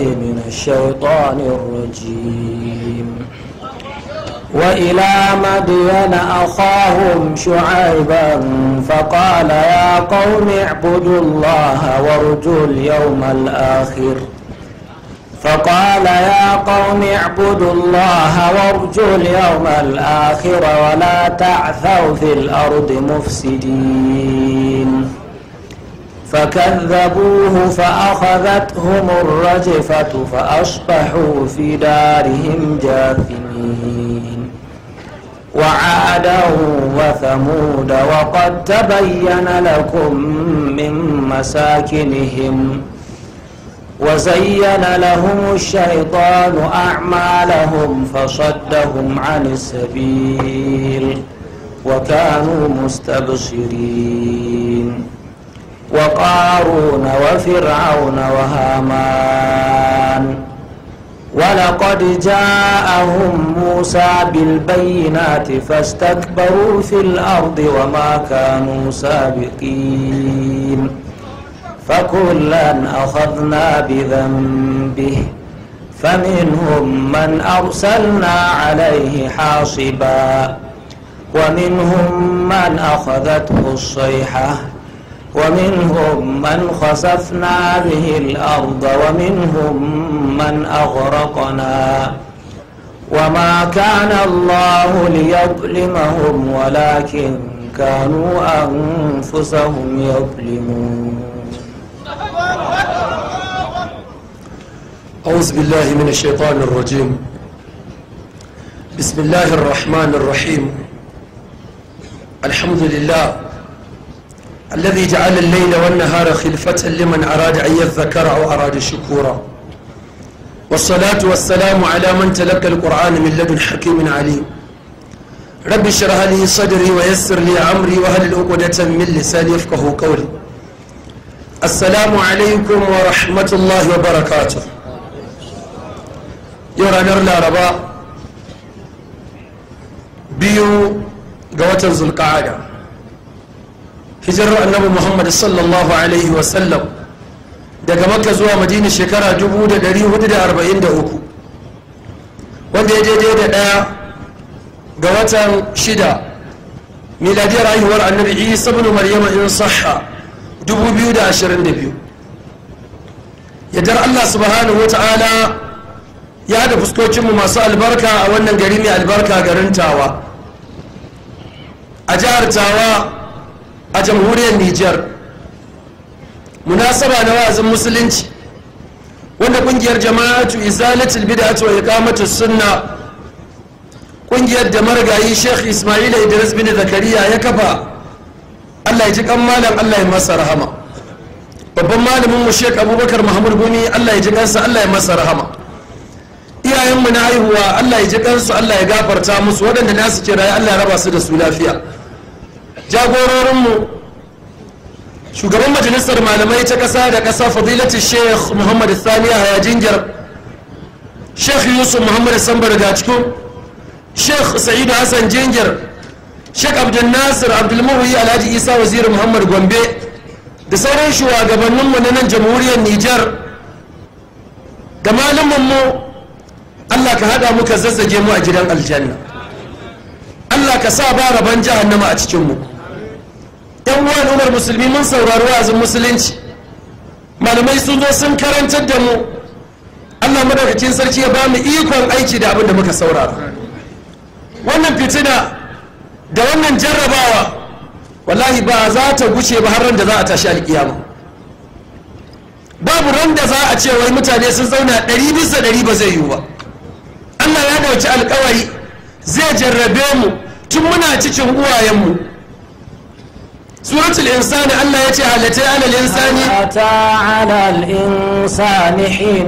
من الشيطان الرجيم وإلى مدين أخاهم شعيبا فقال يا قوم اعبدوا الله وارجوا اليوم الآخر فقال يا قوم اعبدوا الله وارجوا اليوم الآخر ولا تعثوا في الأرض مفسدين فكذبوه فأخذتهم الرجفة فأصبحوا في دارهم جاثمين وعادا وثمود وقد تبين لكم من مساكنهم وزين لهم الشيطان أعمالهم فصدهم عن السبيل وكانوا مستبصرين وقارون وفرعون وهامان ولقد جاءهم موسى بالبينات فاستكبروا في الأرض وما كانوا سابقين فكلا أخذنا بذنبه فمنهم من أرسلنا عليه حاصبا ومنهم من أخذته الصيحة ومنهم من خسفنا به الأرض ومنهم من أغرقنا وما كان الله ليظلمهم ولكن كانوا أنفسهم يظلمون أعوذ بالله من الشيطان الرجيم بسم الله الرحمن الرحيم الحمد لله الذي جعل الليل والنهار خلفة لمن أراد أن يذكر أو أراد شكورا والصلاة والسلام على من تلقى القرآن من لدن حكيم عليم رب اشرح لي صدري ويسر لي أمري وهل عقدة من لساني يفقه قولي السلام عليكم ورحمة الله وبركاته يرى نرلا ربا biyu ga watan zulka'ada hijirar annabi muhammad sallallahu alaihi wasallam daga makka zuwa madina shekara 1443 wanda ya daidai da daya ga watan shida miladiyar haihuwar annabi isa bin maryama in sahha 2022 yadda allah subhanahu wa ta'ala ya da fuskokinmu masu albarka a wannan gari mai albarka garin tawa a jihar tawa a jamhuriyar nijar munasaba na wa'azin musulunci wanda kungiyar jama'atu izalatul bid'atu wa iqamatus sunna kungiyar da marigayi Sheikh Ismail Idris bin Zakariya ya kafa Allah ya ji kan malam Allah ya masa rahama babban malamin mu Sheikh Abubakar Muhammad Gumi Allah ya ji kansa Allah ya masa rahama iyayen mu na haihuwa Allah ya ji kansu Allah ya gafarta musu waɗanda nasu kiraye Allah ya raba su da su lafiya jagororinmu shugaban majalisar malamai ta ƙasa da ƙasa Fadilatu sheikh muhammad sani a jingiyar sheikh yusuf muhammad sambar cikin sheikh sa'idu hassan jingiyar sheikh abdul nasir abdulmuhi alhaji isa waziri muhammad gombe da sauran shugabanninmu na nan jamhuriyar nijar da malamanmu allah ka haɗa muka zazzage mu a gidan aljanna allah ka sa ba rabon jahannama a cikinmu yan uwan umar musulmi mun saurari wa'azin musulunci malamai sun zo sun karantar da mu allah madaukakin sarki ya ba mu ikon aiki da abin da muka saurara wannan fitina da wannan jarrabawa wallahi ba za ta guce ba har da za a tashi alƙiyama babu ran da za a ce wai mutane sun zauna ɗari bisa ɗari ba zai yiwu ba allah ya ɗauki alkawari zai jarrabe mu tun muna cikin uwayenmu سورة الإنسان الله يتي على الإنسان أتى على الإنسان حين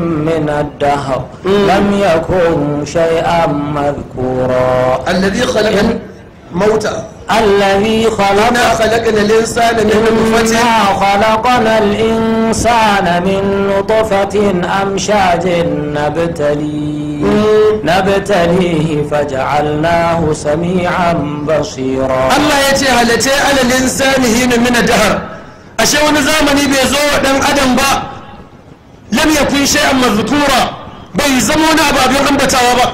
من الدهر لم يكن شيئا مذكورا الذي خلق الموتى الذي خلق خلقنا الإنسان من نطفة خلقنا الإنسان من نطفة أمشاج نبتليه nabtalihi faj'alnahu sami'an basira Allah yace halace alal insani hinu min ad-dahr ashe wani zamani bai zo wa dan adam ba lam yakun shay'an mazkura bai zama wani abu abin ambatawa ba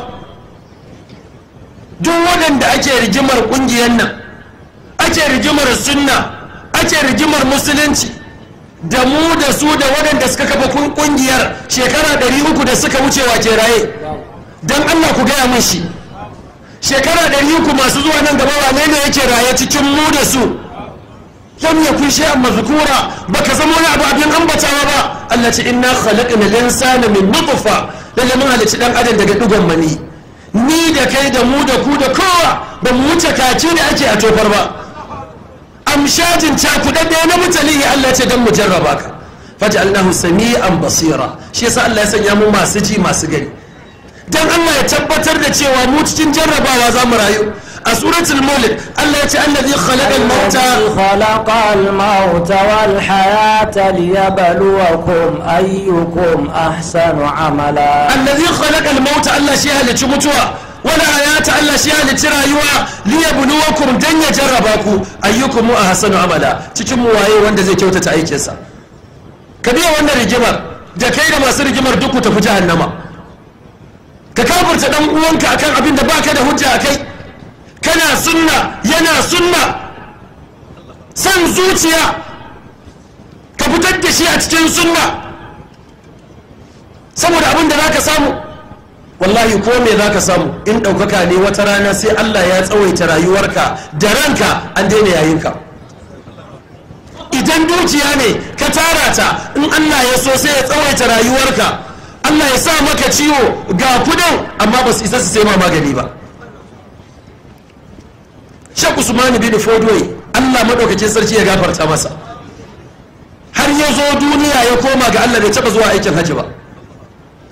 duk waɗanda ake rigimar ƙungiyar nan ake rigimar sunna ake rigimar musulunci da mu da su da waɗanda suka kafa ƙungiyar shekara 300 da suka wuce wa ke raye don allah ku gaya min shi shekara ɗari uku masu zuwa nan gaba wane ne yake raye cikin mu da su lam yakun shay'an mazkura baka zama wani abu abin ambatawa ba Allah ce inna khalaqna al min nutfa lalle mun halici dan adam daga dugon mani ni da kai da mu da ku da kowa ba mu wuce kaci da ake a tofar ba amshajin cakudadde na mutalihi Allah ce don mu jarraba ka faj'alnahu sami'an basira shi yasa Allah ya sanya mu masu ji masu gani dan Allah ya tabbatar da cewa mu cikin jarrabawa za mu rayu a suratul mulk Allah ya ce allazi khalaqa al-mauta khalaqa al-mauta wal hayata liyabluwakum ayyukum ahsanu amala allazi khalaqa al-mauta Allah shi halicci mutuwa wani ta Allah shi ya ci rayuwa liyabluwakum dan ya jarraba ku ayyukum mu hasanu amala cikin mu waye wanda zai kyautata aikinsa ka biya wannan rigimar da kai da masu rigimar duk ku tafi jahannama ka kafurta dan uwanka akan abin da baka da hujja kai. kana sunna yana sunna san zuciya ka fitar da shi a cikin sunna saboda abin da zaka samu wallahi ko me za ka samu in ɗaukaka ne wata rana sai allah ya tsawaita rayuwarka da ranka an daina yayinka idan dukiya ne ka tara ta in allah ya so sai ya tsawaita rayuwarka allah ya sa maka ciwo ga kudin amma ba su isa su sai ma magani ba shek usmani bin fodway allah maɗaukacin sarki ya gafarta masa har ya zo duniya ya koma ga allah bai taɓa zuwa aikin hajji ba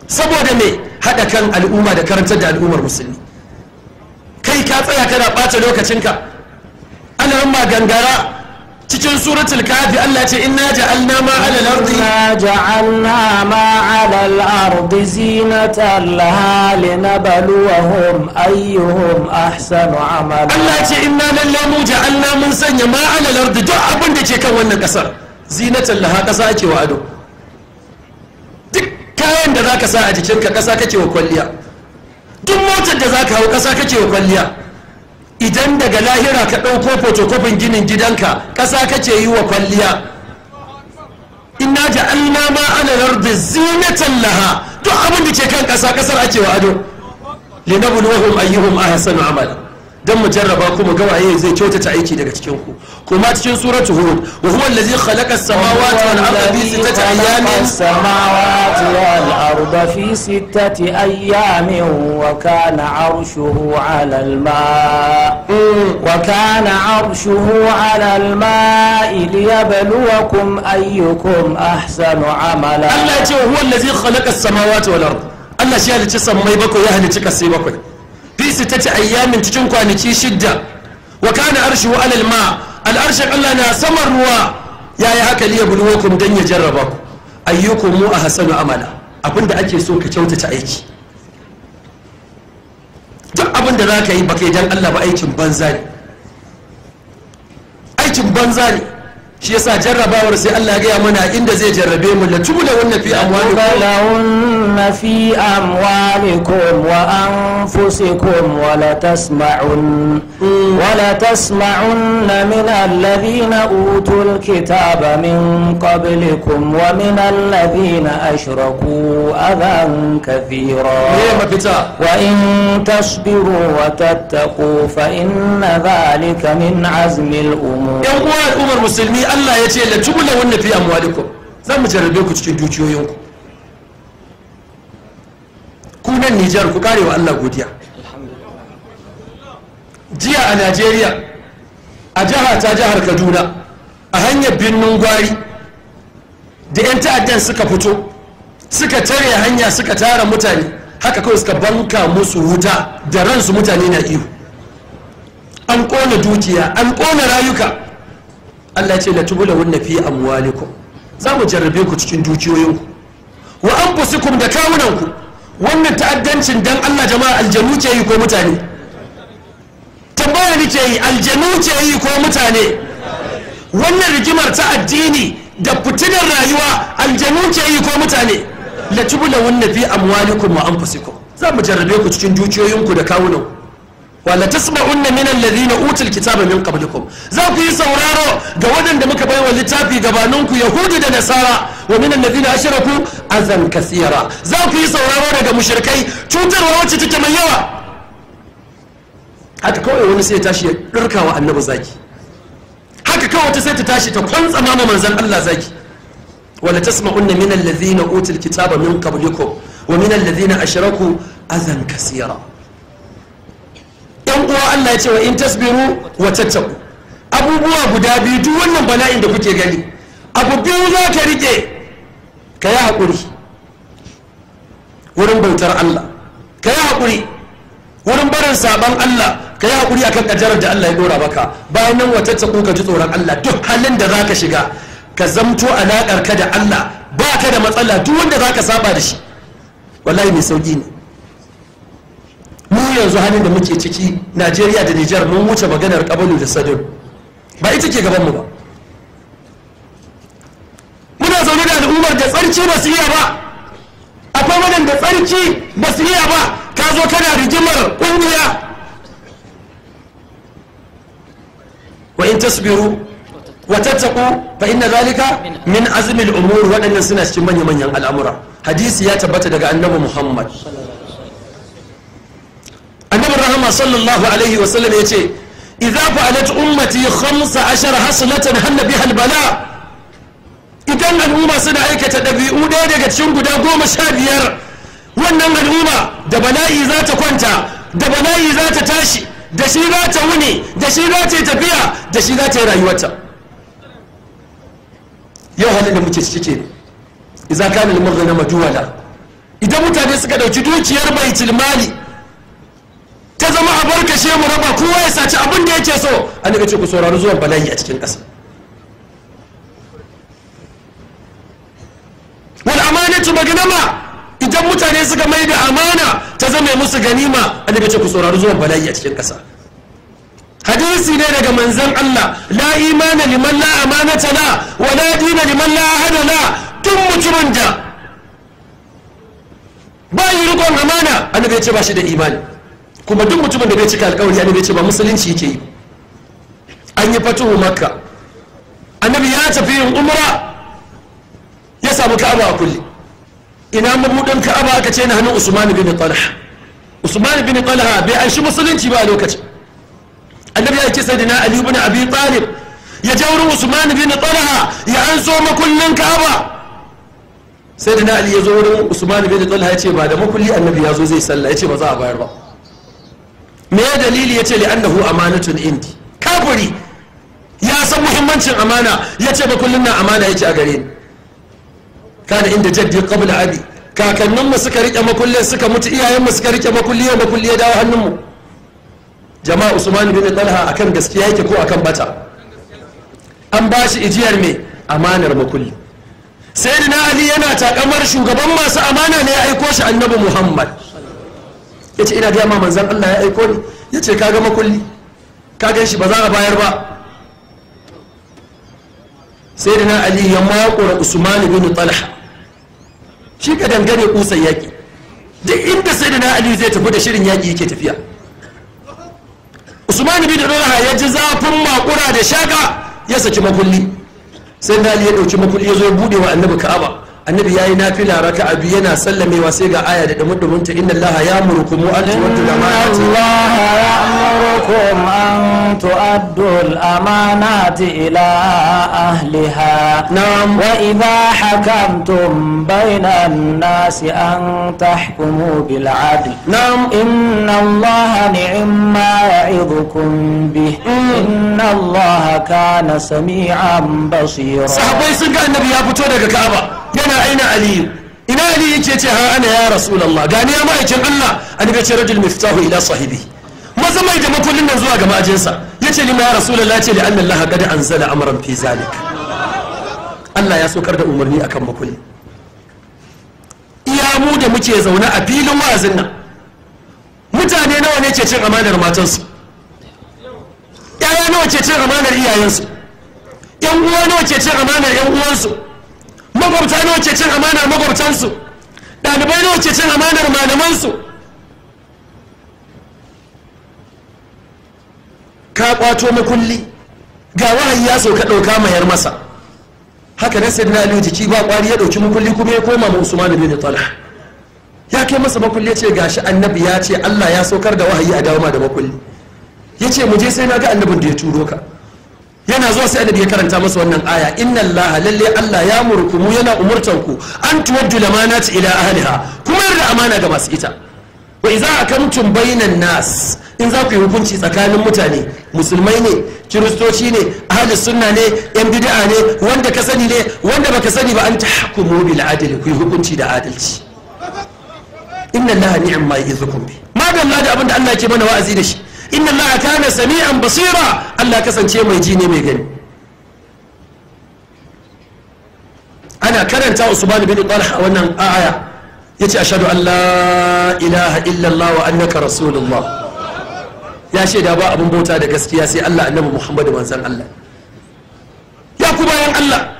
saboda me haɗa kan al'umma da karantar da al'ummar musulmi kai ka tsaya kana ɓata lokacinka ana ma gangara cikin suratul kafi Allah ce inna ja'alna ma 'ala al-ardi inna ja'alna ma 'ala al-ardi zinatan laha linabluwahum ayyuhum ahsanu amala Allah ce inna lillahi mu ja'alna mun sanya ma 'ala al-ardi duk abin da ke kan wannan kasar zinatan laha kasa ake wa ado kayan da za ka sa a jikinka kasa kake wa kwalliya duk motar da za ka hau kasa kake wa kwalliya idan daga lahira ka ɗauko fotokofin ginin gidanka kasa kake yi wa kwalliya inna alma ma ana lardi zinatan laha duk abin da ke kan kasa kasar ake wa ado linabluwahum ayyuhum ahsanu amala don mu jarraba ku mu ga waye zai kyautata aiki daga cikin ku kuma cikin suratu hud wa huwa allazi khalaqa as-samawati wal arda fi sittati ayamin samawati wal arda fi sittati ayamin wa kana arshuhu 'ala al-ma' mm. wa kana arshuhu 'ala al-ma'i liyabluwakum ayyukum ahsanu 'amala Allah ya ce huwa allazi khalaqa as-samawati wal arda Allah shi ya halicci sammai bakwai ya halicci kasai bakwai ta ci ayyamin cikin kwanaki shidda wa kana arshu alal ma al'arshin Allah na saman ruwa yayi haka liya buluwakum dan ya jarraba ku ayyukum mu ahsanu amala ake so ka kyautata aiki duk abinda yi ba kai dan Allah ba aikin banza ne aikin banza ne shi yasa jarrabawar sai Allah ya gaya mana inda zai jarrabe mu la tubula wanna fi amwalikum la wanna fi amwalikum wa anfusikum wa la tasma'un mm. wa la tasma'unna min alladhina utul kitaba min qablikum wa min alladhina ashraku adhan kathira wa in tasbiru wa tattaqu fa inna dhalika min azmi al umur yan uwa umar muslimi Allah ya ce latubula wanda fi amwalikum za mu jarrabe ku cikin dukiyoyinku ku nan Nijar ku karewa Allah godiya jiya a Najeriya a jiha ta jihar Kaduna a hanyar birnin gwari da 'yan ta'addan suka fito suka tare hanya suka tara mutane haka kawai suka banka musu wuta da ransu mutane na ihu an kona dukiya an kona rayuka Allah ce la tubula wanna fi amwalikum za mu jarrabe ku cikin dukiyoyinku wa anfusikum da kawunanku wannan ta'addancin dan Allah jama'a aljanu ce yi ko mutane tambaya ce yi aljanu ce yi ko mutane wannan rigimar ta addini da fitinar rayuwa aljanu ce yi ko mutane la tubula wanna fi amwalikum wa anfusikum za mu jarrabe ku cikin dukiyoyinku da kawunanku wala tasma'unna min alladhina utul kitaba min qablikum za ku yi sauraro ga waɗanda muka bai wa littafi gabaninku Yahudi da nasara wa min alladhina ashraku azan kathira za ku yi sauraro daga mushrikai cutarwa wacce take mai yawa haka kawai wani sai ya tashi ya dirka wa annabi zaki haka kawai wata sai ta tashi ta kwantsa mama manzon Allah zaki wala tasma'unna min alladhina utul kitaba min qablikum wa min alladhina ashraku azan kathira kuwa Allah ya ce wa in tasbiru wa tattaku abubuwa guda biyu duk wannan bala'in da kuke gani abu biyu za ka rike ka yi haƙuri wurin bautar Allah ka yi haƙuri wurin barin saban Allah ka yi haƙuri akan ƙaddarar da Allah ya dora maka bayan nan wa tattaku ka ji tsoron Allah duk halin da za ka shiga ka zamto alaƙar ka da Allah ba ka da matsala duk wanda za ka saba da shi wallahi mai sauƙi ne yanzu halin da muke ciki najeriya da nijar mun wuce maganar kabalu da sadin ba ita ke gabanmu ba muna zaune da al'ummar da tsarki ba su iya ba akwai da tsarki ba su iya ba ka zo kana rigimar ƙungiya wa in tasbiru wa tattaku fa inna zalika min azmi al-umur suna cikin manya-manyan al'amura hadisi ya tabbata daga annabi muhammad annabi rahama sallallahu alaihi wa sallam ya ce idza fa'alat ummati khamsa ashar haslatan hanna biha albala idan al'umma suna aikata dabi'u daya daga cikin guda goma sha biyar wannan al'umma da bala'i za ta kwanta da bala'i za ta tashi da shi za ta wuni da shi za ta yi tafiya da shi za ta yi rayuwarta yau halin da muke cike idza kana al-maghnama duwala idan mutane suka dauki dukiyar baitul mali ta zama a barkashe mu raba kowa ya saci abin da yake so an daga ce ku saurari zuwan bala'i a cikin ƙasa wal amanatu magnama idan mutane suka mai da amana ta zama musu ganima an daga ce ku saurari zuwan bala'i a cikin ƙasa hadisi ne daga manzon Allah la imana liman la amanata la wa la dina liman la ahada la duk mutumin da ba yi rikon amana annabi ya ce ba shi da imani kuma duk mutumin da bai cika alkawari annabi ce ba musulunci yake yi an yi fatuhu makka annabi ya tafi yin umra ya samu ka'aba a kulli ina mabudin ka'aba aka ce na hannun usman bin talha usman bin talha bai an shi musulunci ba a lokacin annabi ya ce sai sayyidina ali ibn abi talib ya je wurin usman bin talha ya an so makullin ka'aba sayyidina ali ya zo wurin usman bin talha ya ce ba da makulli annabi ya zo zai sallah ya ce ba za a bayar ba me ya dalili ya ce li'annahu amanatun indi kafiri ya san muhimmancin amana ya ce makullin na amana ya ce a gare ni kana inda jaddi qabla abi kakanninmu suka rike makullin suka mutu iyayenmu suka rike makulle ya makulle ya dawo hannunmu jama'a usman bin talha akan gaskiya yake ko akan bata an ba shi ijiyar me amanar makulli sayyidina ali yana takamar shugaban masu amana ne ya aiko shi annabi muhammad ya ce ina ma manzan Allah ya aiko ni ya ce kaga makulli kagan shi ba za a bayar ba sai da na ali ya makura usman bin talha shi ka dangane kusan yaki duk inda sai da na ali zai tafi da shirin yaki yake tafiya usman bin talha ya ji zafin makura da shaka ya saki makulli sai da ali ya dauki makulli ya zo ya bude wa annabi ka'aba annabi yayi nafila raka'a biyu yana sallamewa sai ga aya da dumudumin ta inna allaha ya'murukum an tu'addu al-amanati allaha ya'murukum an tu'addu al-amanati ila ahliha na'am wa idha hakamtum bayna an-nasi an tahkumu bil 'adl na'am inna allaha ni'ma ya'idukum bih mm. inna allaha kana sami'an basira sahabbai sun ga annabi ya fito daga ka'aba yana aina aliyu ina aliyu yake ce ha ana ya rasulullah gani ya ma'aikin allah annabi ce rajul miftahu ila sahibi maza mai da makullin nan zuwa ga ma'ajinsa yace lima ya rasulullah ce li anna allah qad anzala amran fi zalik allah ya sokar da umarni akan makulli iya mu da muke zaune a filin wa'azin nan mutane nawa ne ke cin amanar matansu Ƴaƴa nawa ke cin amanar iyayensu Ƴan uwa nawa ke cin amanar yan uwansu magwabta nawa ke cin amanar magwabtansu ɗalibai nawa ke cin amanar malamansu ka kwato makulli ga wahayi ya sauka ɗauka mayar masa haka na sayyidina aliyu jiki ba kwari ya ɗauki makulli kuma ya koma ma usman bin talha ya kai masa makulli ya ce gashi annabi ya ce allah ya saukar da wahayi a dawo ma da makulli ya ce mu je sai na ga annabin da ya turo ka yana zuwa sai adabi ya karanta masa wannan aya inna allaha lalle allah ya murkumu yana umurtan ku an tuwaddu lamanat ila ahliha kuma yarda amana ga masu ita wa idza akamtum bainan nas in za ku yi hukunci tsakanin mutane musulmai ne kiristoci ne ahli sunna ne yan bid'a ne wanda ka sani ne wanda baka sani ba an tahkumu bil adli ku yi hukunci da adalci inna allaha ni'ma yuzukum bi madalla da abinda Allah ke mana wa'azi da shi inna allaha kana sami'an basira allah kasance mai ji ne mai gani ana karanta usman bin talha wannan aya yace ashhadu an la ilaha illallah wa annaka rasulullah ya shaida ba abin bauta da gaskiya sai Allah annabi Muhammadu manzon Allah ya ku bayan Allah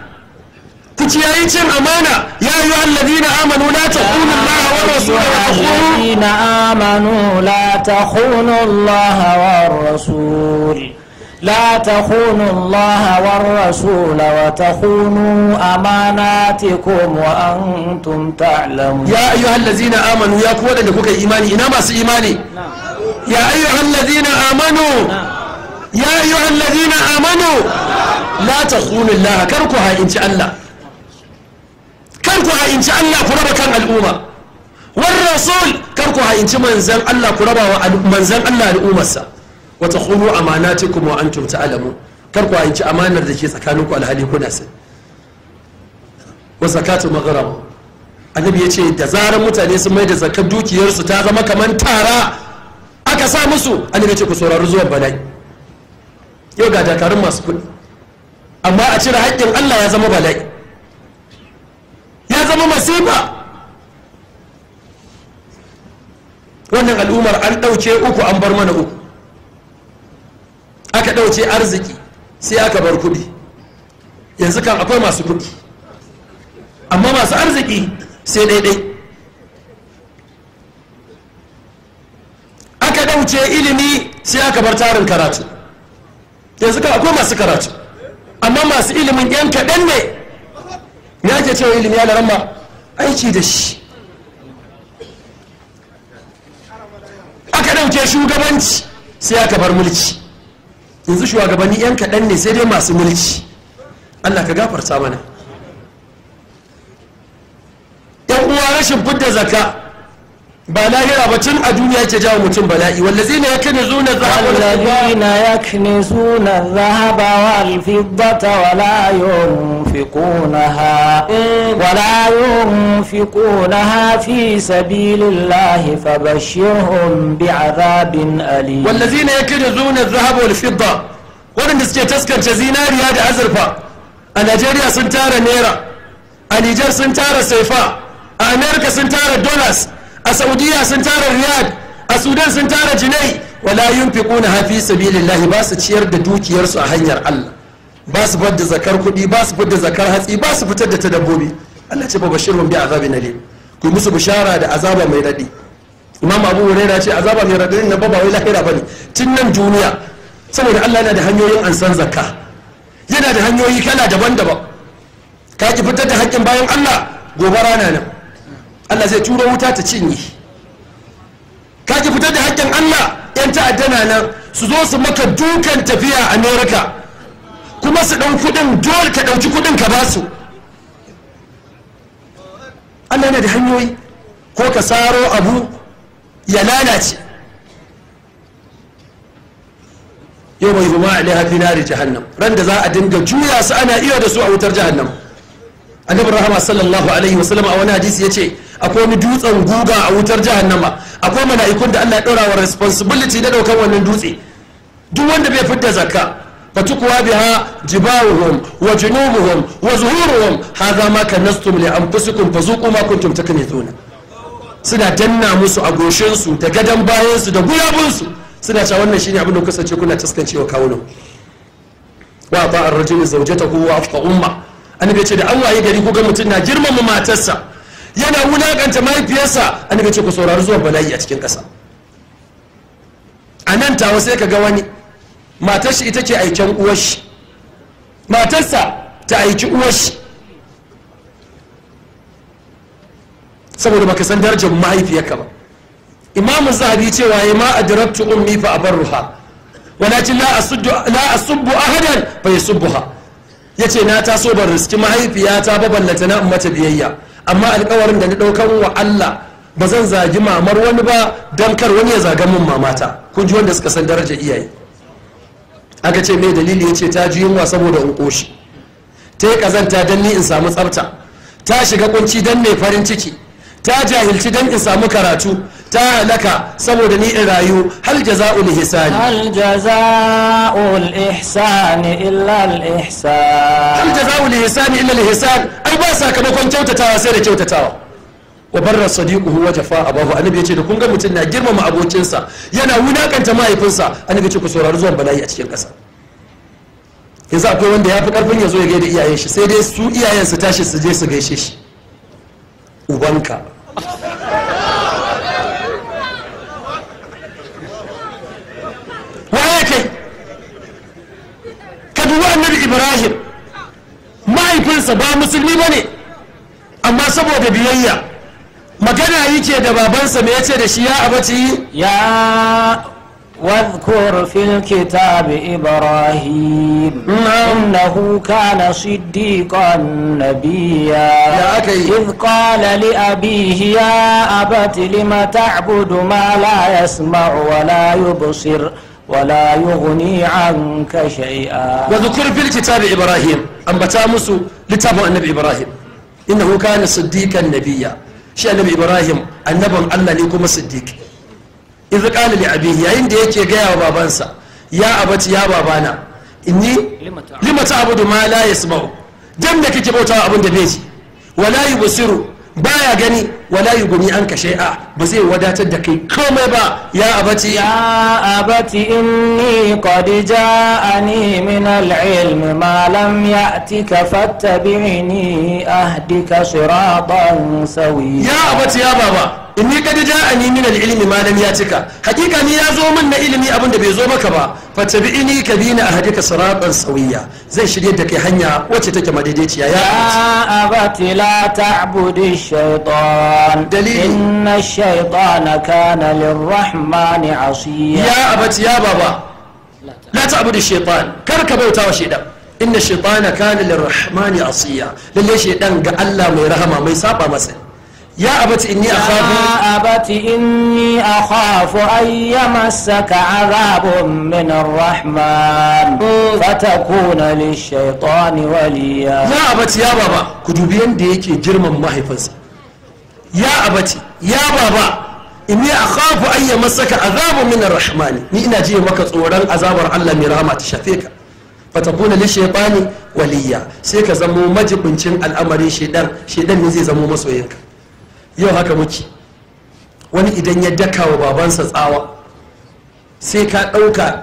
كتيايت أمانة يا أيها الذين آمنوا لا تخونوا الله والرسول وتخونوا الذين آمنوا لا تخونوا الله والرسول لا تخونوا الله والرسول وتخونوا أماناتكم وأنتم تعلمون يا أيها الذين آمنوا يا كوالا لكوك إيماني إنما إيماني يا أيها الذين آمنوا يا أيها الذين آمنوا لا تخونوا الله كركها إن شاء الله kar ku ha'inci Allah ku raba kan al'umma wal rasul kar ku ha'inci manzan Allah ku raba wa manzan Allah al'ummarsa wa takhunu amanatikum wa antum ta'lamun kar ku ha'inci amanar da ke tsakaninku alhali kuna sani wa zakatu maghrib annabi yace da zarar mutane sun mai da dukiyar dukiyarsu ta zama kamar tara aka sa musu annabi yace ku saurari zuwan bala'i yau ga dakarun masu kuɗi amma a cire haƙƙin Allah ya zama bala'i zama masifa wannan al'ummar an ɗauce uku an bar mana uku aka ɗauce arziki sai aka bar kuɗi yanzu kan akwai masu kuɗi amma masu arziki sai daidai aka ɗauce ilimi sai aka bar tarin karatu yanzu kan akwai masu karatu amma masu ilimin yan kaɗan ne ya ake cewa ilimi ya ramma aiki da shi aka ɗauke shugabanci sai aka bar mulki yanzu shugabanni 'yan kaɗan ne sai dai masu mulki allah ka gafarta mana yan uwa rashin fidda zaka ba lahira ba tun a duniya ke jawo mutum bala'i wallazi na yakin zuna zahaba wallazi zuna zahaba wal fiddata wala yawm ينفقونها ولا ينفقونها في سبيل الله فبشرهم بعذاب أليم والذين يكنزون الذهب والفضة waɗanda suke taskance zinariya da azurfa a najeriya sun tara naira a nijar sun tara saifa a amerika sun tara dollars a saudiya sun tara riyad a sudan sun tara jinai wala yun fi sabilillahi ba su ciyar da dukiyarsu a hanyar allah ba su bar da zakar kuɗi ba su bar da zakar hatsi ba su fitar da ta dabbobi Allah ce ba bashir bashirun bi azabin alim ku musu bishara da azaba mai raɗi imam abu huraira ce azaba mai raɗi na ba wai lahira bane tun nan duniya saboda Allah yana da hanyoyin ansan zakka yana da hanyoyi kala daban-daban ka ki fitar da haƙƙin bayan Allah Gobe rana nan Allah zai turo wuta ta cinye ka ki fitar da haƙƙin Allah yan ta'adda na nan su zo su maka dukan tafiya a America kuma su ɗan kuɗin dole ka ɗauki kuɗin ka ba su Allah yana da hanyoyi ko ka tsaro abu ya lalace yau mai huma a lahafi na da jahannam ran da za a dinga juya su ana iya da su a wutar jahannam annabi rahama sallallahu alaihi sallam a wani hadisi ya ce akwai wani dutsen guga a wutar jahannama akwai mala'ikun da Allah ya ɗora wa responsibility na ɗaukar wannan dutse duk wanda bai fitta zakka فتكوى بها جباههم وجنوبهم وزهورهم هذا ما كنستم لأنفسكم فذوقوا ما كنتم تكنزون suna danna musu a goshinsu da gadon bayansu da guyabunsu suna cewa wannan shine abin da kasance ku na kawunan wa ba ar-rajulu zawjatahu wa afqa umma annabi ce da an waye gari ko ga mutum na girmama matarsa yana wulakanta mahaifiyarsa annabi ce ku saurari zuwa balayi a cikin kasa anan tawa sai ka ga wani Matarsa ita ce aikin uwashi shi matarsa ta aiki uwashi shi saboda baka san darajar mahaifiyarka ba imamu zahabi cewa ya ma a adrabtu ummi fa ruha? walakin la asuddu la asubbu ahadan fa yasubbuha yace na so ban riski mahaifiyata ba ballata na mata biyayya amma alkawarin da na daukan wa Allah ba zan zagi mamar wani ba don kar wani ya zaga mun mamata kun ji wanda suka san darajar iyaye aka ce mai dalili ya ce ta ji yunwa saboda in ƙoshi ta yi ƙazanta don ni in samu tsafta ta shiga kunci don mai farin ciki ta jahilci don in samu karatu ta halaka saboda ni in rayu hal jaza ul ihsani hal jaza ul ihsan ihsani illa al ihsan ai ba sakamakon kyautatawa sai da kyautatawa wa barra sadiquhu wa jafa abahu annabi yace da kun ga mutum na girmama abokinsa yana wulakanta mahaifinsa annabi ce ku saurari zuwan bala'i a cikin kasa yanzu akwai wanda ya fi karfin ya zo ya gaida iyayen shi sai dai su iyayen su tashi su je su gaishe shi ubanka waye kai ka duba annabi ibrahim mahaifinsa ba musulmi ba ne amma saboda biyayya magana yake da babansa me yace da shi ya abaci ya واذكر في الكتاب إبراهيم إنه كان صديقا نبيا إذ قال لأبيه يا أبت لم تعبد ما لا يسمع ولا يبصر ولا يغني عنك شيئا وذكر في الكتاب إبراهيم أنبتا مسو لتابع النبي إبراهيم إنه كان صديقا نبيا shi annabi ibrahim annabin allah ne kuma siddiq iz qala li abihi yayin da yake gaya wa babansa ya abati ya babana inni lima ta'budu ma la yasma'u dan da kike bautawa abin da bai ji wala yubsiru baya gani wala yuguni an kashe a ba zai wadatar da kai komai ba ya abati ya abati inni qad ja'ani min al-ilm ma lam ya'tika fattabi'ni ahdika siratan sawiyya ya abati ya baba inni kad ja'ani min al-ilmi ma lam yatika hakika ni ya zo min na ilimi abin da bai zo maka ba fatabi'ini kabina ahdika siratan sawiya zai shirye da kai hanya wacce take madaidaiciya ya abati la ta'budi shaytan dalili inna ash-shaytana kana lirrahmani asiya ya abati ya baba la ta'budi shaytan kar ka bauta wa shaytan inna ash-shaytana kana lirrahmani asiya lalle shaytan ga Allah mai rahama mai saba masa يا أبت إني أخاف يا أبت إني أخاف أن يمسك عذاب من الرحمن فتكون للشيطان وليا يا أبت يا بابا كدوبين ديك جرم ما يفز يا أبت يا بابا إني أخاف أن يمسك عذاب من الرحمن ني إنا جي مكة صوران عذاب الله من رحمة شفيك fatakuna li shaytani waliya sai ka zamo majibincin al'amarin shedan shedan ne zai zamo masoyinka yau haka muke wani idan ya daka wa babansa tsawa sai ka ɗauka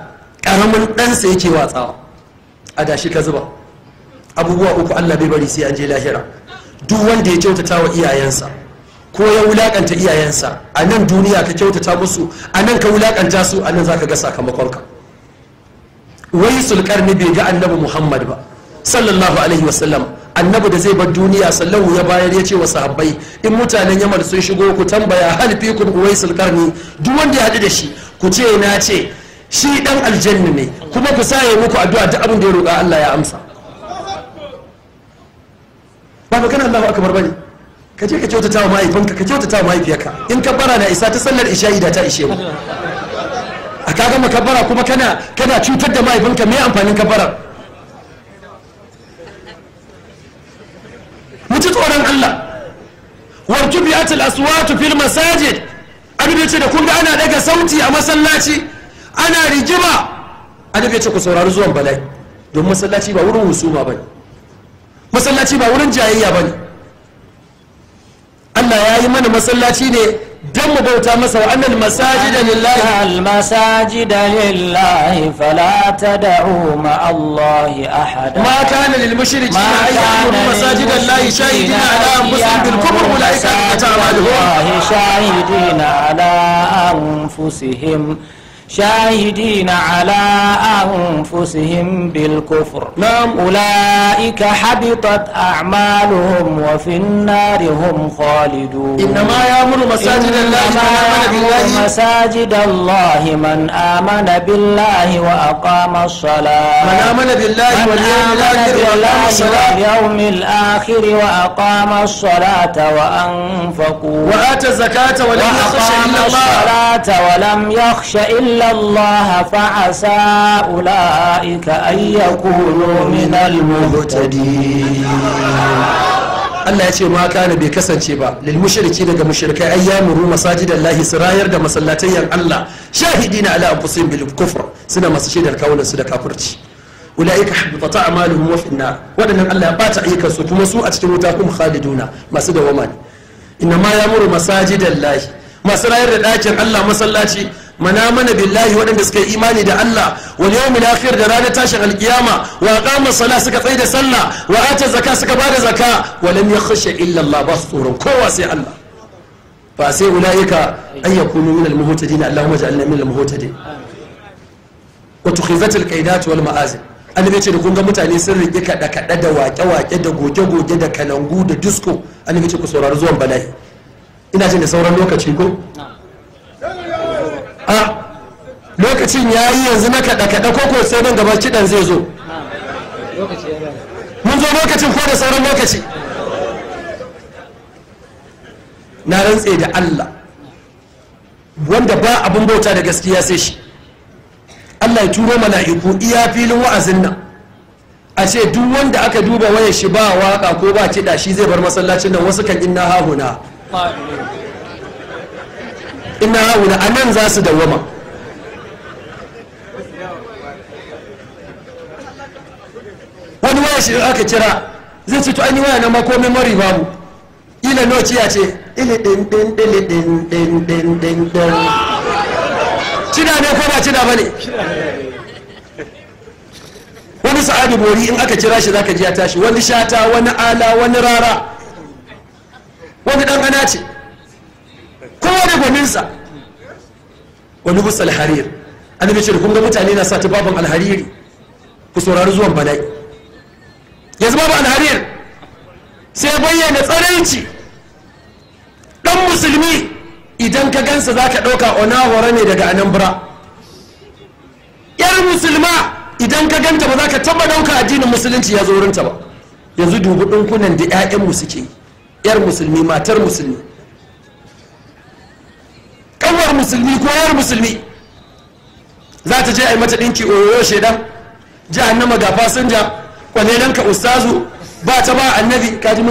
ƙaramin ɗansa yake wa tsawa a dashi ka zuba abubuwa uku allah bai bari sai an je lahira duk wanda ya kyautata wa iyayensa ko ya wulaƙanta iyayensa a nan duniya ka kyautata musu a nan ka wulaƙanta su a nan za ka ga ka wai sulƙar ne bai ga annabi muhammad ba sallallahu alaihi wasallam annabi da zai bar duniya sallahu ya bayar ya ce wa sahabbai in mutanen yamar sun shigo ku tambaya hal fikum uwaisul karni duk wanda ya haɗu da shi ku ce na ce shi dan aljanna ne kuma ku sa ya muku addu'a duk abin da ya roƙa Allah ya amsa ba magana Allahu akbar bane ka je ka kyautata wa mahaifinka ka kyautata wa mahaifiyarka in ka bara na isa ta sallar isha'i da ta ishe mu a kaga bara kuma kana kana cutar da mahaifinka me amfanin bara. ji tsoron Allah warki biyatul aswatu fil masajid annabi ce da kun ana daga sauti a masallaci ana rigima annabi ce ku saurari zuwan bala'i don masallaci ba wurin husuma bane masallaci ba wurin jayayya bane Allah ya yi mana masallaci ne dan mu bauta masa wa annal masajida lillahi al masajida lillahi fala tad'u ma allahi ahada ma kana lil mushrikeena an ya'muru masajida allahi shahidina ala anfusihim bil kufr ulaika kataba shahidina ala anfusihim شاهدين على أنفسهم بالكفر نعم أولئك حبطت أعمالهم وفي النار هم خالدون إنما يأمر مساجد الله إنما مساجد الله من آمن بالله وأقام الصلاة من آمن بالله واليوم الآخر وأقام الصلاة واليوم الآخر وأقام الصلاة وأنفقوا وآتى الزكاة ولم يخش إلا الله وأقام الصلاة ولم يخش إلا إلا الله فعسى أولئك أن يكونوا من المهتدين Allah ya ce ma kana bai kasance ba lil mushriki daga mushrikai ay yamuru masajidallahi su rayar da masallatayyan Allah shahidina ala anfusihim bil kufr suna masu shaidar kawunan su da kafirci ulaika habitata a'maluhum wa finnar wadannan Allah ya bata ayyukan su kuma su a cikin wuta kuma khaliduna masu dawama ne inna ma yamuru masajidallahi masu rayar da dakin Allah masallaci mana mana billahi waɗanda suka yi imani da Allah wal yawmil akhir da ranar tashin alkiyama wa qama suka tsaye da sallah wa zaka suka bada zaka wa lam yakhsha illa Allah ba su tsoron kowa sai Allah fa sai an min ce da kun ga mutane sun rike kada kada da wake wake da goge goge da kanangu da disco annabi ce ku saurari zuwan bala'i ina jin da sauran lokaci ko na'am lokacin ya yi yanzu na kaɗa-kaɗa ko ko sai nan gaba kiɗan zai zo mun zo lokacin ko da sauran lokaci na rantse da Allah wanda ba abin bauta da gaskiya sai shi Allah ya turo mala'iku iya filin wa'azin nan a ce duk wanda aka duba wayar shi ba waka ko ba kiɗa shi zai bar masallacin nan wasu kan inna hahuna inna hahuna a nan za su dawwama wani waya shi aka kira zai ci to an yi waya na ma komai mari babu ila nociya ce ile din din din din din din din din cida ne ko ba cida bane wani sa'adu bori in aka kira shi zaka ji ya tashi wani shata wani ala wani rara wani dan gana ce kowa da gwaninsa wani bus alharir annabi ce kun ga mutane na sa ta tubabin alhariri ku saurari zuwan bala'i yanzu ba alhariyar sai bayyana tsaranci dan musulmi idan ka gansa za ka ɗauka onahora ne daga anambra yar musulma idan ka ganta ba za ka taba ɗauka addinin musulunci ya zo wurinta ba yanzu dubu ɗinkunan da 'ya'yanmu suke yar musulmi matar musulmi ƙanwar musulmi ko yar musulmi za ta je a yi mata ɗinki oyoyo shaidan jihannama ga fasinja kwalelan ka ustazu ba ta ba annabi ka ji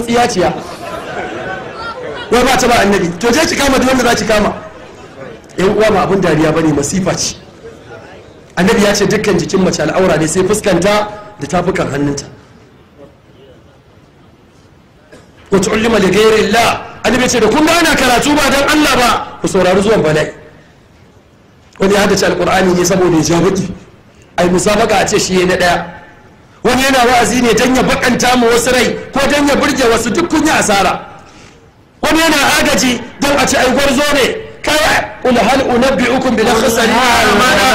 wai ba ta ba annabi to je ki kama duwanda wanda za ki kama yan uwa ma abin dariya bane masifa ce annabi ya ce dukkan jikin mace al'aura ne sai fuskanta da tafukan hannunta wa tu'allima li ghayri Allah annabi ce da kun ga ana karatu ba dan Allah ba ku saurari zuwan bala'i wani ya hadace alqur'ani ne saboda ya ja ai musabaka a ce shi ne na daya wani yana wa'azi ne don ya bakanta mu wasu rai ko dan ya burge wasu duk kun asara wani yana agaji don a ci aikwar zo ne kawai kul hal unabbi ukum bil akhsarina a'mala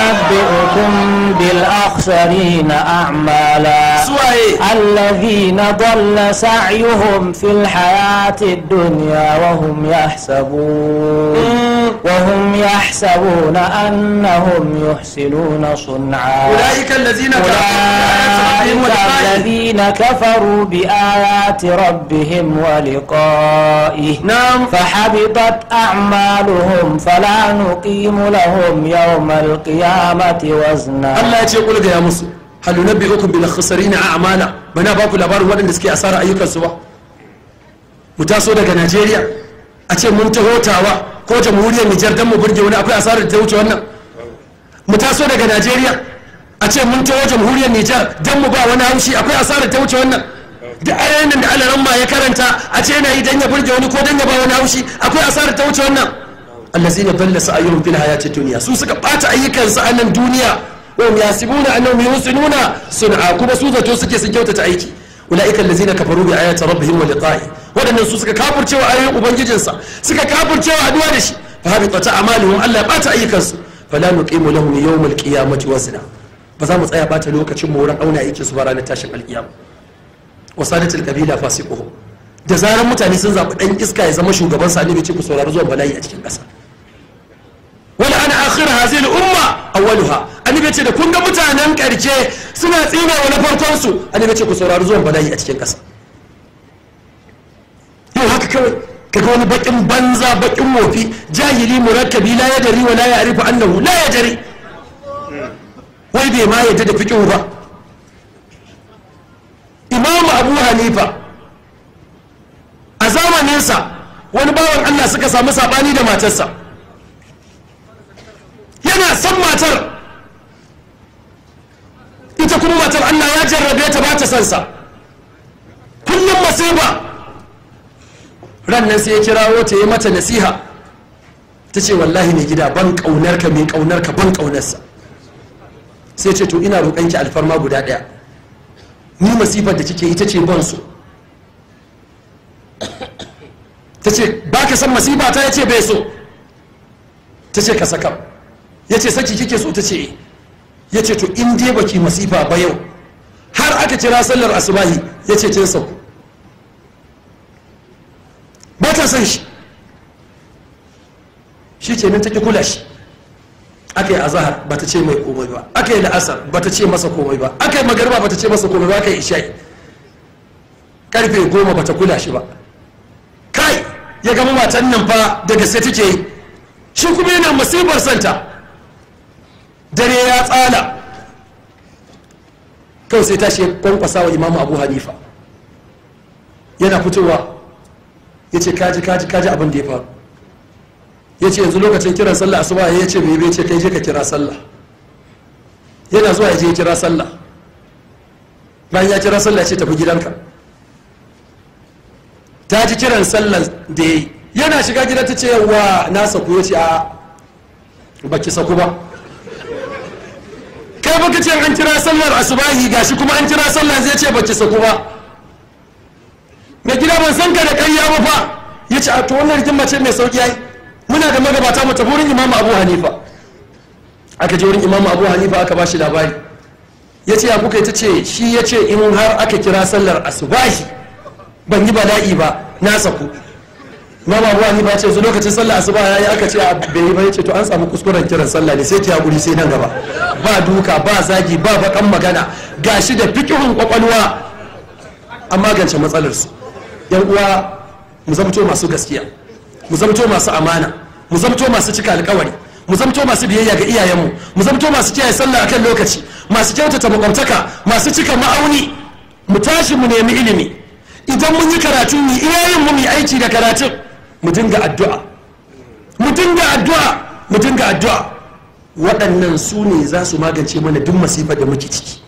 ukum bil akhsarina a'mala suwaye alladhina dalla sa'yuhum fil hayati duniya dunya wa hum وهم يحسبون أنهم يحسنون صنعا أولئك الذين أولئك الذين كفروا بآيات ربهم ولقائه نعم فحبطت أعمالهم فلا نقيم لهم يوم القيامة وزنا الله يقول يا مسلم hal nunabbi'ukum bil khasarina a'mala bana ba ku labarin waɗanda suke asara ayyukansu ba mu taso daga Najeriya a ce mun taho tawa ko jamhuriyar nijar don mu burge wani akwai asarar da ta wuce wannan mu taso daga najeriya a ce mun taho jamhuriyar nijar don mu ba wani haushi akwai asarar da ta wuce wannan da ayoyin da alaran ma ya karanta a ce yana yi don ya burge wani ko don ya ba wani haushi akwai asarar da ta wuce wannan allazina dalla sa'ayuhum fil hayati duniya su suka bata ayyukansu a nan duniya wa hum yasibuna annahum yuhsinuna sun'a kuma su zato suke sun kyautata aiki ulaika allazina kafaru bi ayati rabbihim wa liqa'i waɗannan su suka kafircewa ayoyin ubangijinsa suka kafircewa haduwa da shi fa a amalihum Allah ya bata ayyukansu fala nuqimu lahum yawmal qiyamati wazna ba za mu tsaya bata lokacin mu wurin auna yake su ba ranar tashin alkiyama wasadatul kabila fasiquhu da zaran mutane sun zaɓi ɗan iska ya zama shugaban sa annabi ce ku saurari zuwan bala'i a cikin ƙasa wala ana akhira hazil umma awwaluha annabi ce da kun ga mutanen ƙarshe suna tsinawa na farkon su annabi ce ku saurari zuwan bala'i a cikin ƙasa kawai kaga wani bakin banza bakin mofi jahili murakkabi la yadri wa la ya'rifu annahu la jari wai bai ma yadda da fiqh ba imam abu hanifa a zamaninsa wani bawan Allah suka samu sabani da matarsa yana son matar ita kuma matar Allah ya jarrabe ta ba ta sansa kullum masiba rannan sai ya kirawo ta yi mata nasiha ta ce wallahi mai gida ban kaunar ka mai kaunar ka ban kaunarsa sai ce to ina roƙon ki alfarma guda ɗaya ni masifar da kike yi ta ce ban so ta ce ba ka san masifa ta ya ce bai so ta ce ka saka ya ce saki kike so ta ce eh. ya ce to in dai baki masifa ba yau har aka kira sallar asibahi ya ce cin sau ta san shi shi ce nan ta kula shi aka yi azahar ba ta ce mai komai ba aka yi la'asar ba ta ce masa komai ba aka yi magarba ba ta ce masa komai ba aka yi isha'i karfe goma ba ta kula shi ba kai ya gama matan nan fa da gaske take yi shi kuma yana masibar santa dare ya tsala kawai sai tashi ya kwankwasa wa imamu abu hanifa yana fitowa ya ce kaji kaji kaji abin da ya faru ya ce yanzu lokacin kiran sallah asuba ya ce bai bai ce kai je ka kira sallah yana zuwa ya je kira sallah bayan ya kira sallah ce tafi gidanka ta ji kiran sallah da ya yi yana shiga gidan ta ce wa na sauku ya ce a baki sauku ba kai baka ce an kira sallar yi gashi kuma an kira sallah zai ce baki sauku ba mai gida ban san ka da karya ba fa ya ce a to wannan rikin ce mai sauki ai muna da magabata mu tafi wurin imamu abu hanifa aka je wurin imamu abu hanifa aka ba labari ya ce ya kuka ta ce shi ya ce in har aka kira sallar asubahi ban yi bala'i ba na saku imamu abu hanifa ce su lokacin sallar asuba ya yi aka ce a bai yi ba ya ce to an samu kuskuren kiran sallah ne sai ki hakuri sai nan gaba ba duka ba zagi ba bakan magana gashi da fikihun kwakwalwa an magance matsalarsu yan uwa mu zamto masu gaskiya mu zamto masu amana mu zamto masu cika alkawari mu zamto masu biyayya ga iyayenmu mu zamto masu kiyaye sallah akan lokaci masu kyautata makwabtaka masu cika ma'auni mu tashi mu nemi ilimi idan mun yi karatu mu iyayen mu mu aiki da karatu mu dinga addu'a mu dinga addu'a mu dinga addu'a waɗannan su ne za su magance mana duk masifar da muke ciki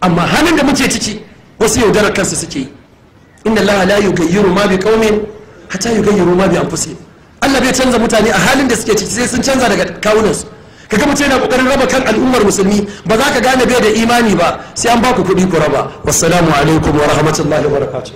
amma hannun da muke ciki wasu yaudarar kansu suke yi inna allaha la yughayyiru ma bi qaumin hatta yughayyiru ma bi anfusihim Allah bai canza mutane a halin da suke ciki sai sun canza daga kawunansu kaga mutum yana kokarin raba kan al'ummar musulmi ba za ka gane bai da imani ba sai an baku kuɗi ku raba wassalamu alaikum wa rahmatullahi wa barakatuh